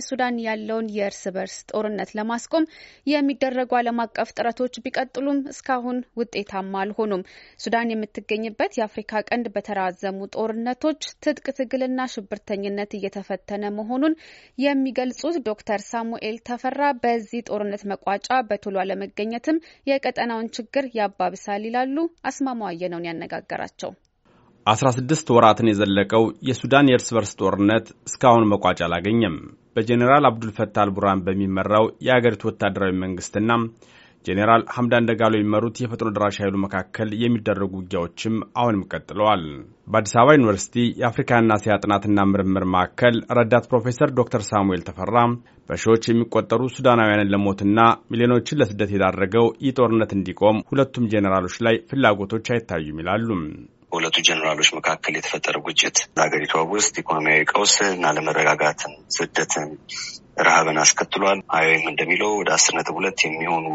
በሱዳን ያለውን የእርስ በርስ ጦርነት ለማስቆም የሚደረጉ ዓለም አቀፍ ጥረቶች ቢቀጥሉም እስካሁን ውጤታማ አልሆኑም። ሱዳን የምትገኝበት የአፍሪካ ቀንድ በተራዘሙ ጦርነቶች፣ ትጥቅ ትግልና ሽብርተኝነት እየተፈተነ መሆኑን የሚገልጹት ዶክተር ሳሙኤል ተፈራ በዚህ ጦርነት መቋጫ በቶሎ አለመገኘትም የቀጠናውን ችግር ያባብሳል ይላሉ። አስማማው አየነውን ያነጋገራቸው 16 ወራትን የዘለቀው የሱዳን የእርስ በርስ ጦርነት እስካሁን መቋጫ አላገኘም። በጄኔራል አብዱልፈታ አልቡራን በሚመራው የአገሪቱ ወታደራዊ መንግስትና ጄኔራል ሐምዳን ደጋሎ የሚመሩት የፈጥኖ ደራሽ ኃይሉ መካከል የሚደረጉ ውጊያዎችም አሁንም ቀጥለዋል። በአዲስ አበባ ዩኒቨርሲቲ የአፍሪካና እስያ ጥናትና ምርምር ማዕከል ረዳት ፕሮፌሰር ዶክተር ሳሙኤል ተፈራ በሺዎች የሚቆጠሩ ሱዳናውያንን ለሞትና ሚሊዮኖችን ለስደት የዳረገው ይህ ጦርነት እንዲቆም ሁለቱም ጄኔራሎች ላይ ፍላጎቶች አይታዩም ይላሉ። በሁለቱ ጀኔራሎች መካከል የተፈጠረው ግጭት ለሀገሪቷ ውስጥ ኢኮኖሚያዊ ቀውስን፣ አለመረጋጋትን፣ ስደትን፣ ረሃብን አስከትሏል። አይወይም እንደሚለው ወደ አስር ነጥብ ሁለት የሚሆኑ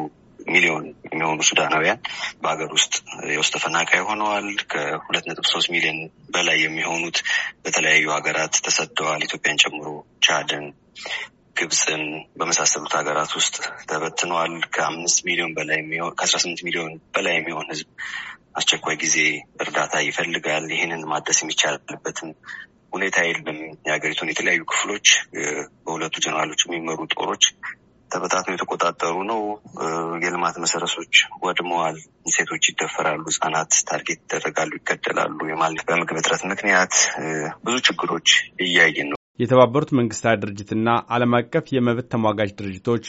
ሚሊዮን የሚሆኑ ሱዳናውያን በሀገር ውስጥ የውስጥ ተፈናቃይ ሆነዋል። ከሁለት ነጥብ ሶስት ሚሊዮን በላይ የሚሆኑት በተለያዩ ሀገራት ተሰደዋል። ኢትዮጵያን ጨምሮ ቻድን፣ ግብፅን በመሳሰሉት ሀገራት ውስጥ ተበትኗል። ከአምስት ሚሊዮን በላይ ከአስራ ስምንት ሚሊዮን በላይ የሚሆን ህዝብ አስቸኳይ ጊዜ እርዳታ ይፈልጋል። ይህንን ማደስ የሚቻልበትም ሁኔታ የለም። የሀገሪቱን የተለያዩ ክፍሎች በሁለቱ ጀነራሎች የሚመሩ ጦሮች ተበታትነው የተቆጣጠሩ ነው። የልማት መሰረቶች ወድመዋል። ሴቶች ይደፈራሉ፣ ህጻናት ታርጌት ይደረጋሉ፣ ይገደላሉ። በምግብ እጥረት ምክንያት ብዙ ችግሮች እያየን ነው። የተባበሩት መንግስታት ድርጅትና ዓለም አቀፍ የመብት ተሟጋጅ ድርጅቶች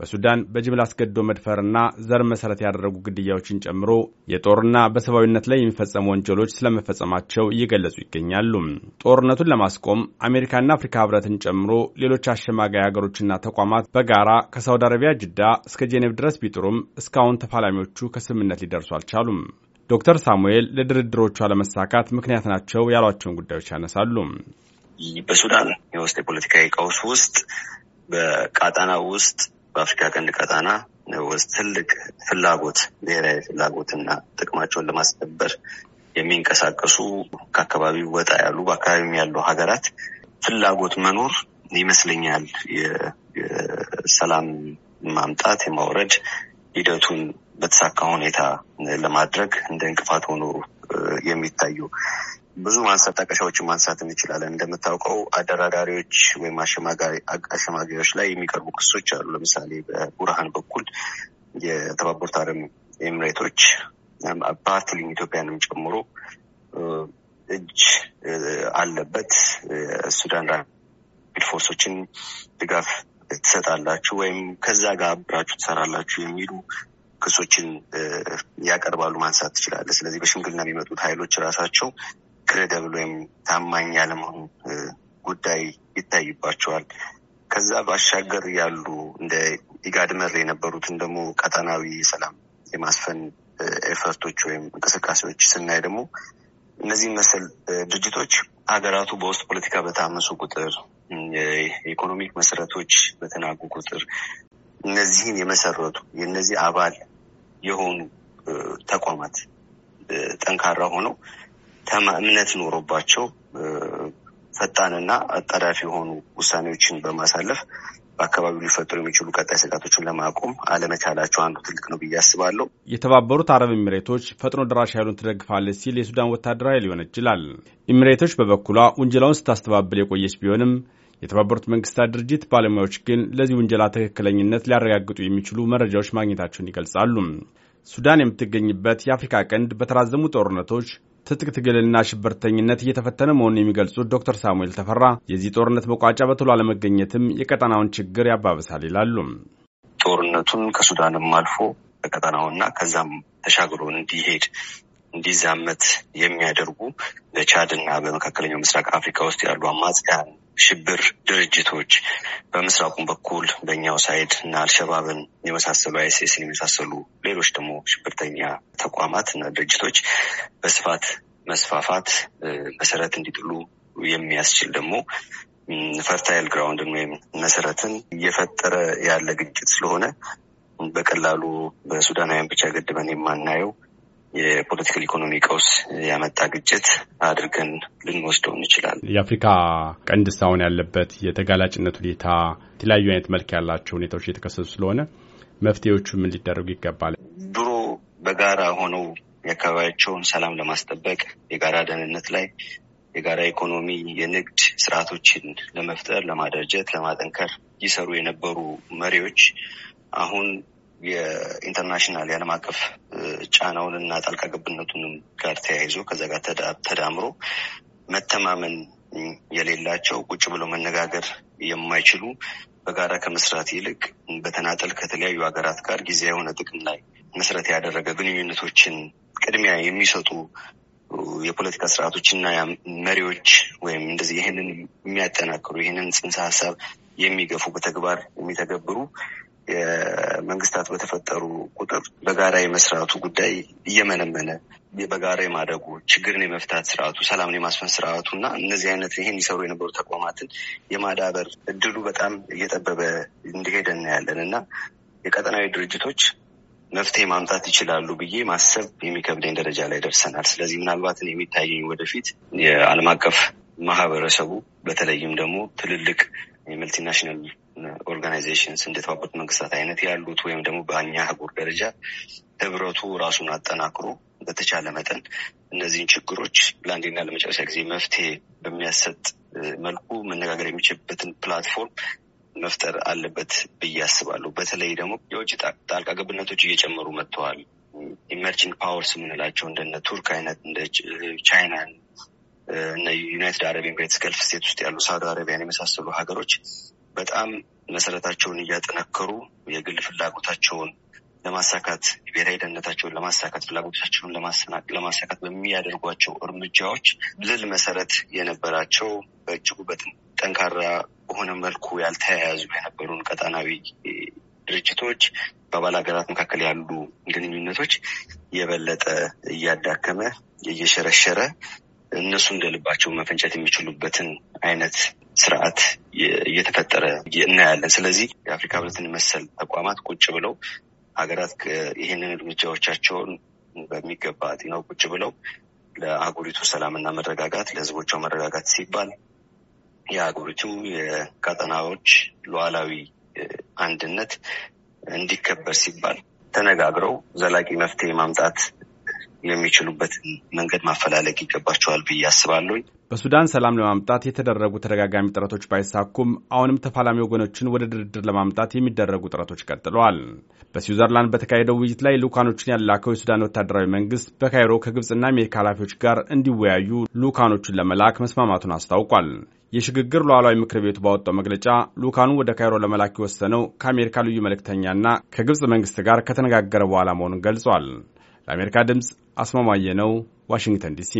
በሱዳን በጅምላ አስገድዶ መድፈርና ዘር መሠረት ያደረጉ ግድያዎችን ጨምሮ የጦርና በሰብአዊነት ላይ የሚፈጸሙ ወንጀሎች ስለመፈጸማቸው እየገለጹ ይገኛሉ። ጦርነቱን ለማስቆም አሜሪካና አፍሪካ ህብረትን ጨምሮ ሌሎች አሸማጋይ ሀገሮችና ተቋማት በጋራ ከሳውዲ አረቢያ ጅዳ እስከ ጄኔቭ ድረስ ቢጥሩም እስካሁን ተፋላሚዎቹ ከስምምነት ሊደርሱ አልቻሉም። ዶክተር ሳሙኤል ለድርድሮቹ አለመሳካት ምክንያት ናቸው ያሏቸውን ጉዳዮች ያነሳሉ። በሱዳን የውስጥ የፖለቲካዊ ቀውስ ውስጥ በቃጣና ውስጥ በአፍሪካ ቀንድ ቀጣና ውስጥ ትልቅ ፍላጎት ብሔራዊ እና ጥቅማቸውን ለማስከበር የሚንቀሳቀሱ ከአካባቢው ወጣ ያሉ በአካባቢም ያሉ ሀገራት ፍላጎት መኖር ይመስለኛል የሰላም ማምጣት የማውረድ ሂደቱን በተሳካ ሁኔታ ለማድረግ እንደ እንቅፋት ሆኖ የሚታዩ ብዙ ማንሳት ጠቀሻዎችን ማንሳት እንችላለን። እንደምታውቀው አደራዳሪዎች ወይም አሸማጋዮች ላይ የሚቀርቡ ክሶች አሉ። ለምሳሌ በቡርሃን በኩል የተባበሩት አረብ ኤምሬቶች ፓርትሊን ኢትዮጵያንም ጨምሮ እጅ አለበት። ሱዳን ራፒድ ፎርሶችን ድጋፍ ትሰጣላችሁ ወይም ከዛ ጋር አብራችሁ ትሰራላችሁ የሚሉ ክሶችን ያቀርባሉ ማንሳት ትችላለህ። ስለዚህ በሽምግልና የሚመጡት ኃይሎች ራሳቸው ክሬደብል ወይም ታማኝ ያለመሆን ጉዳይ ይታይባቸዋል። ከዛ ባሻገር ያሉ እንደ ኢጋድ መር የነበሩትን ደግሞ ቀጠናዊ ሰላም የማስፈን ኤፈርቶች ወይም እንቅስቃሴዎች ስናይ ደግሞ እነዚህ መሰል ድርጅቶች ሀገራቱ በውስጥ ፖለቲካ በታመሱ ቁጥር፣ የኢኮኖሚክ መሰረቶች በተናጉ ቁጥር እነዚህን የመሰረቱ የእነዚህ አባል የሆኑ ተቋማት ጠንካራ ሆነው እምነት ኖሮባቸው ፈጣንና አጣዳፊ የሆኑ ውሳኔዎችን በማሳለፍ በአካባቢው ሊፈጠሩ የሚችሉ ቀጣይ ስጋቶችን ለማቆም አለመቻላቸው አንዱ ትልቅ ነው ብዬ አስባለሁ። የተባበሩት አረብ ኤምሬቶች ፈጥኖ ደራሽ ኃይሉን ትደግፋለች ሲል የሱዳን ወታደራዊ ኃይል ይወነጅላል። ኤምሬቶች በበኩሏ ውንጀላውን ስታስተባብል የቆየች ቢሆንም የተባበሩት መንግስታት ድርጅት ባለሙያዎች ግን ለዚህ ውንጀላ ትክክለኝነት ሊያረጋግጡ የሚችሉ መረጃዎች ማግኘታቸውን ይገልጻሉ። ሱዳን የምትገኝበት የአፍሪካ ቀንድ በተራዘሙ ጦርነቶች ትጥቅ ትግልና ሽብርተኝነት እየተፈተነ መሆኑን የሚገልጹት ዶክተር ሳሙኤል ተፈራ የዚህ ጦርነት መቋጫ በቶሎ አለመገኘትም የቀጠናውን ችግር ያባብሳል ይላሉ። ጦርነቱን ከሱዳንም አልፎ በቀጠናውና ከዛም ተሻግሮ እንዲሄድ እንዲዛመት የሚያደርጉ በቻድ እና በመካከለኛው ምስራቅ አፍሪካ ውስጥ ያሉ አማጽያን ሽብር ድርጅቶች በምስራቁም በኩል በእኛው ሳይድ እና አልሸባብን የመሳሰሉ አይሴስን የመሳሰሉ ሌሎች ደግሞ ሽብርተኛ ተቋማት እና ድርጅቶች በስፋት መስፋፋት መሰረት እንዲጥሉ የሚያስችል ደግሞ ፈርታይል ግራውንድን ወይም መሰረትን እየፈጠረ ያለ ግጭት ስለሆነ በቀላሉ በሱዳናውያን ብቻ ገድበን የማናየው የፖለቲካል ኢኮኖሚ ቀውስ ያመጣ ግጭት አድርገን ልንወስደው እንችላለን። የአፍሪካ ቀንድ እስካሁን ያለበት የተጋላጭነት ሁኔታ የተለያዩ አይነት መልክ ያላቸው ሁኔታዎች እየተከሰቱ ስለሆነ መፍትሄዎቹ ምን ሊደረጉ ይገባል? ድሮ በጋራ ሆነው የአካባቢያቸውን ሰላም ለማስጠበቅ የጋራ ደህንነት ላይ የጋራ ኢኮኖሚ፣ የንግድ ስርዓቶችን ለመፍጠር፣ ለማደራጀት፣ ለማጠንከር ይሰሩ የነበሩ መሪዎች አሁን የኢንተርናሽናል የዓለም አቀፍ ጫናውን እና ጣልቃ ገብነቱንም ጋር ተያይዞ ከዛ ጋር ተዳምሮ መተማመን የሌላቸው ቁጭ ብሎ መነጋገር የማይችሉ በጋራ ከመስራት ይልቅ በተናጠል ከተለያዩ ሀገራት ጋር ጊዜ የሆነ ጥቅም ላይ መሰረት ያደረገ ግንኙነቶችን ቅድሚያ የሚሰጡ የፖለቲካ ስርዓቶችና መሪዎች ወይም እንደዚህ ይህንን የሚያጠናክሩ ይህንን ጽንሰ ሀሳብ የሚገፉ በተግባር የሚተገብሩ የመንግስታት በተፈጠሩ ቁጥር በጋራ የመስራቱ ጉዳይ እየመነመነ በጋራ የማደጉ ችግርን የመፍታት ስርዓቱ፣ ሰላምን የማስፈን ስርዓቱ እና እነዚህ አይነት ይህን ይሰሩ የነበሩ ተቋማትን የማዳበር እድሉ በጣም እየጠበበ እንደሄደ እናያለን እና የቀጠናዊ ድርጅቶች መፍትሄ ማምጣት ይችላሉ ብዬ ማሰብ የሚከብደኝ ደረጃ ላይ ደርሰናል። ስለዚህ ምናልባትን የሚታየኝ ወደፊት የዓለም አቀፍ ማህበረሰቡ በተለይም ደግሞ ትልልቅ የመልቲናሽናል ኦርጋናይዜሽንስ እንደተባበሩት መንግስታት አይነት ያሉት ወይም ደግሞ በእኛ አህጉር ደረጃ ህብረቱ ራሱን አጠናክሮ በተቻለ መጠን እነዚህን ችግሮች ለአንዴና ለመጨረሻ ጊዜ መፍትሄ በሚያሰጥ መልኩ መነጋገር የሚችልበትን ፕላትፎርም መፍጠር አለበት ብዬ አስባለሁ። በተለይ ደግሞ የውጭ ጣልቃ ገብነቶች እየጨመሩ መጥተዋል። ኢመርጂንግ ፓወርስ የምንላቸው እንደነ ቱርክ አይነት እንደ ቻይና ። ዩናይትድ አረብ ኤምሬትስ ገልፍ ስቴት ውስጥ ያሉ ሳውዲ አረቢያን የመሳሰሉ ሀገሮች በጣም መሰረታቸውን እያጠነከሩ የግል ፍላጎታቸውን ለማሳካት ብሔራዊ ደህንነታቸውን ለማሳካት ፍላጎታቸውን ለማሳካት በሚያደርጓቸው እርምጃዎች ልል መሰረት የነበራቸው በእጅጉ ጠንካራ በሆነ መልኩ ያልተያያዙ የነበሩን ቀጣናዊ ድርጅቶች በአባል ሀገራት መካከል ያሉ ግንኙነቶች የበለጠ እያዳከመ እየሸረሸረ እነሱ እንደልባቸው መፈንጨት የሚችሉበትን አይነት ስርዓት እየተፈጠረ እናያለን። ስለዚህ የአፍሪካ ህብረትን መሰል ተቋማት ቁጭ ብለው ሀገራት ይህንን እርምጃዎቻቸውን በሚገባ አጢነው ቁጭ ብለው ለአህጉሪቱ ሰላምና መረጋጋት ለህዝቦቿ መረጋጋት ሲባል የአህጉሪቱ የቀጠናዎች ሉዓላዊ አንድነት እንዲከበር ሲባል ተነጋግረው ዘላቂ መፍትሄ ማምጣት የሚችሉበትን መንገድ ማፈላለግ ይገባቸዋል ብዬ አስባለሁኝ። በሱዳን ሰላም ለማምጣት የተደረጉ ተደጋጋሚ ጥረቶች ባይሳኩም አሁንም ተፋላሚ ወገኖችን ወደ ድርድር ለማምጣት የሚደረጉ ጥረቶች ቀጥለዋል። በስዊዘርላንድ በተካሄደው ውይይት ላይ ልኡካኖቹን ያላከው የሱዳን ወታደራዊ መንግስት በካይሮ ከግብፅና አሜሪካ ኃላፊዎች ጋር እንዲወያዩ ልኡካኖቹን ለመላክ መስማማቱን አስታውቋል። የሽግግር ሉዓላዊ ምክር ቤቱ ባወጣው መግለጫ ልኡካኑ ወደ ካይሮ ለመላክ የወሰነው ከአሜሪካ ልዩ መልእክተኛና ከግብፅ መንግስት ጋር ከተነጋገረ በኋላ መሆኑን ገልጿል። ለአሜሪካ ድምፅ አስማማየ ነው፣ ዋሽንግተን ዲሲ